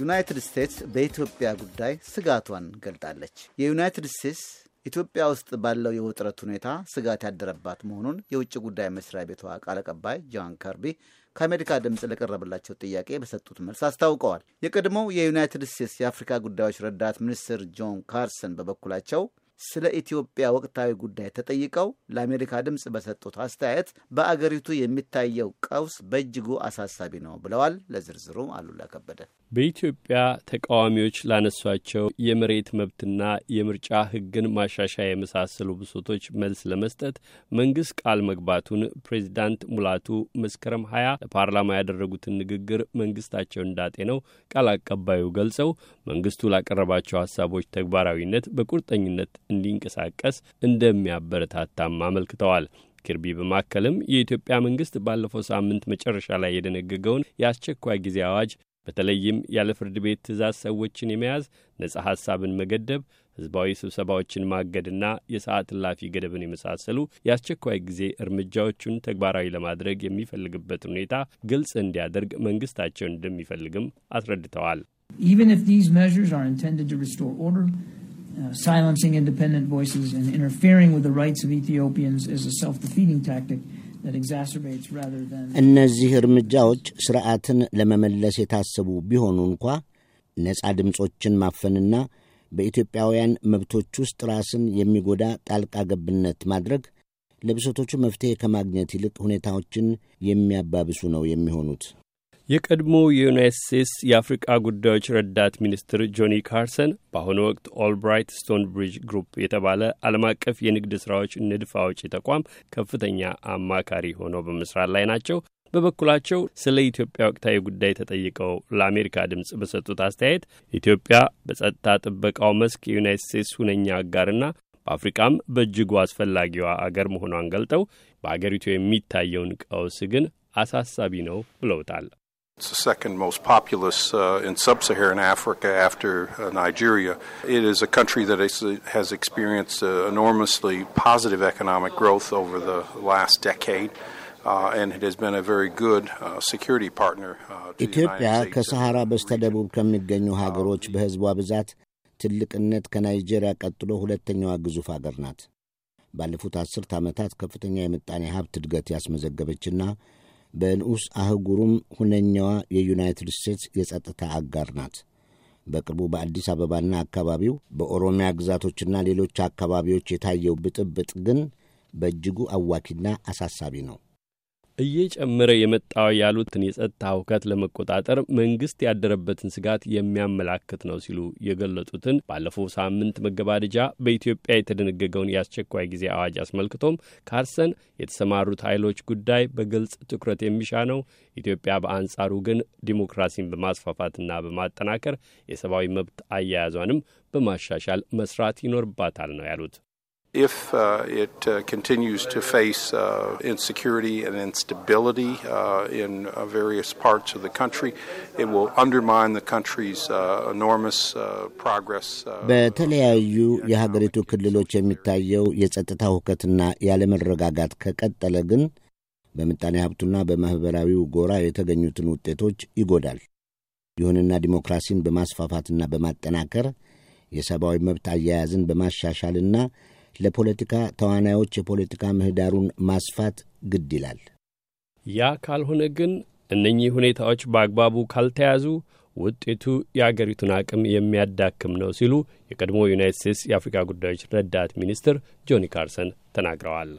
ዩናይትድ ስቴትስ በኢትዮጵያ ጉዳይ ስጋቷን ገልጣለች። የዩናይትድ ስቴትስ ኢትዮጵያ ውስጥ ባለው የውጥረት ሁኔታ ስጋት ያደረባት መሆኑን የውጭ ጉዳይ መስሪያ ቤቷ ቃል አቀባይ ጆን ከርቢ ከአሜሪካ ድምፅ ለቀረበላቸው ጥያቄ በሰጡት መልስ አስታውቀዋል። የቀድሞው የዩናይትድ ስቴትስ የአፍሪካ ጉዳዮች ረዳት ሚኒስትር ጆን ካርሰን በበኩላቸው ስለ ኢትዮጵያ ወቅታዊ ጉዳይ ተጠይቀው ለአሜሪካ ድምፅ በሰጡት አስተያየት በአገሪቱ የሚታየው ቀውስ በእጅጉ አሳሳቢ ነው ብለዋል። ለዝርዝሩ አሉላ ከበደ። በኢትዮጵያ ተቃዋሚዎች ላነሷቸው የመሬት መብትና የምርጫ ሕግን ማሻሻያ የመሳሰሉ ብሶቶች መልስ ለመስጠት መንግስት ቃል መግባቱን ፕሬዚዳንት ሙላቱ መስከረም ሀያ ለፓርላማ ያደረጉትን ንግግር መንግስታቸው እንዳጤነው ቃል አቀባዩ ገልጸው መንግስቱ ላቀረባቸው ሀሳቦች ተግባራዊነት በቁርጠኝነት እንዲንቀሳቀስ እንደሚያበረታታም አመልክተዋል። ኪርቢ በማከልም የኢትዮጵያ መንግስት ባለፈው ሳምንት መጨረሻ ላይ የደነገገውን የአስቸኳይ ጊዜ አዋጅ በተለይም ያለ ፍርድ ቤት ትእዛዝ ሰዎችን የመያዝ፣ ነጻ ሐሳብን መገደብ፣ ህዝባዊ ስብሰባዎችን ማገድና የሰዓት እላፊ ገደብን የመሳሰሉ የአስቸኳይ ጊዜ እርምጃዎቹን ተግባራዊ ለማድረግ የሚፈልግበት ሁኔታ ግልጽ እንዲያደርግ መንግስታቸውን እንደሚፈልግም አስረድተዋል። Even if these measures are intended to restore order, silencing independent voices and interfering with the rights of Ethiopians is a self-defeating tactic that exacerbates rather than እነዚህ እርምጃዎች ስርዓትን ለመመለስ የታሰቡ ቢሆኑ እንኳ ነፃ ድምፆችን ማፈንና በኢትዮጵያውያን መብቶች ውስጥ ራስን የሚጎዳ ጣልቃ ገብነት ማድረግ ለብሶቶቹ መፍትሔ ከማግኘት ይልቅ ሁኔታዎችን የሚያባብሱ ነው የሚሆኑት። የቀድሞ የዩናይት ስቴትስ የአፍሪቃ ጉዳዮች ረዳት ሚኒስትር ጆኒ ካርሰን በአሁኑ ወቅት ኦልብራይት ስቶን ብሪጅ ግሩፕ የተባለ ዓለም አቀፍ የንግድ ሥራዎች ንድፍ አውጪ ተቋም ከፍተኛ አማካሪ ሆነው በመስራት ላይ ናቸው። በበኩላቸው ስለ ኢትዮጵያ ወቅታዊ ጉዳይ ተጠይቀው ለአሜሪካ ድምፅ በሰጡት አስተያየት ኢትዮጵያ በጸጥታ ጥበቃው መስክ የዩናይት ስቴትስ ሁነኛ አጋርና በአፍሪቃም በእጅጉ አስፈላጊዋ አገር መሆኗን ገልጠው በአገሪቱ የሚታየውን ቀውስ ግን አሳሳቢ ነው ብለውታል። It's the second most populous uh, in sub Saharan Africa after uh, Nigeria. It is a country that is, has experienced uh, enormously positive economic growth over the last decade. and it has been a very good security partner. ኢትዮጵያ ከሰሐራ በስተደቡብ ከሚገኙ ሀገሮች በሕዝቧ ብዛት ትልቅነት ከናይጄሪያ ቀጥሎ ሁለተኛዋ ግዙፍ ሀገር ናት። ባለፉት አስርት ዓመታት ከፍተኛ የምጣኔ ሀብት እድገት ያስመዘገበችና በንዑስ አህጉሩም ሁነኛዋ የዩናይትድ ስቴትስ የጸጥታ አጋር ናት። በቅርቡ በአዲስ አበባና አካባቢው በኦሮሚያ ግዛቶችና ሌሎች አካባቢዎች የታየው ብጥብጥ ግን በእጅጉ አዋኪና አሳሳቢ ነው። እየጨመረ የመጣው ያሉትን የጸጥታ እውከት ለመቆጣጠር መንግስት ያደረበትን ስጋት የሚያመላክት ነው ሲሉ የገለጹትን ባለፈው ሳምንት መገባደጃ በኢትዮጵያ የተደነገገውን የአስቸኳይ ጊዜ አዋጅ አስመልክቶም ካርሰን የተሰማሩት ኃይሎች ጉዳይ በግልጽ ትኩረት የሚሻ ነው፣ ኢትዮጵያ በአንጻሩ ግን ዲሞክራሲን በማስፋፋትና በማጠናከር የሰብአዊ መብት አያያዟንም በማሻሻል መስራት ይኖርባታል ነው ያሉት። If uh, it uh, continues to face uh, insecurity and instability uh, in uh, various parts of the country, it will undermine the country's uh, enormous uh, progress. በተለያዩ የሀገሪቱ ክልሎች የሚታየው የጸጥታ ሁከትና ያለመረጋጋት ከቀጠለ ግን በምጣኔ ሀብቱና በማኅበራዊው ጎራ የተገኙትን ውጤቶች ይጎዳል። ይሁንና ዲሞክራሲን በማስፋፋትና በማጠናከር የሰብአዊ መብት አያያዝን በማሻሻልና ለፖለቲካ ተዋናዮች የፖለቲካ ምህዳሩን ማስፋት ግድ ይላል። ያ ካልሆነ ግን እነኚህ ሁኔታዎች በአግባቡ ካልተያዙ ውጤቱ የአገሪቱን አቅም የሚያዳክም ነው ሲሉ የቀድሞ ዩናይት ስቴትስ የአፍሪካ ጉዳዮች ረዳት ሚኒስትር ጆኒ ካርሰን ተናግረዋል።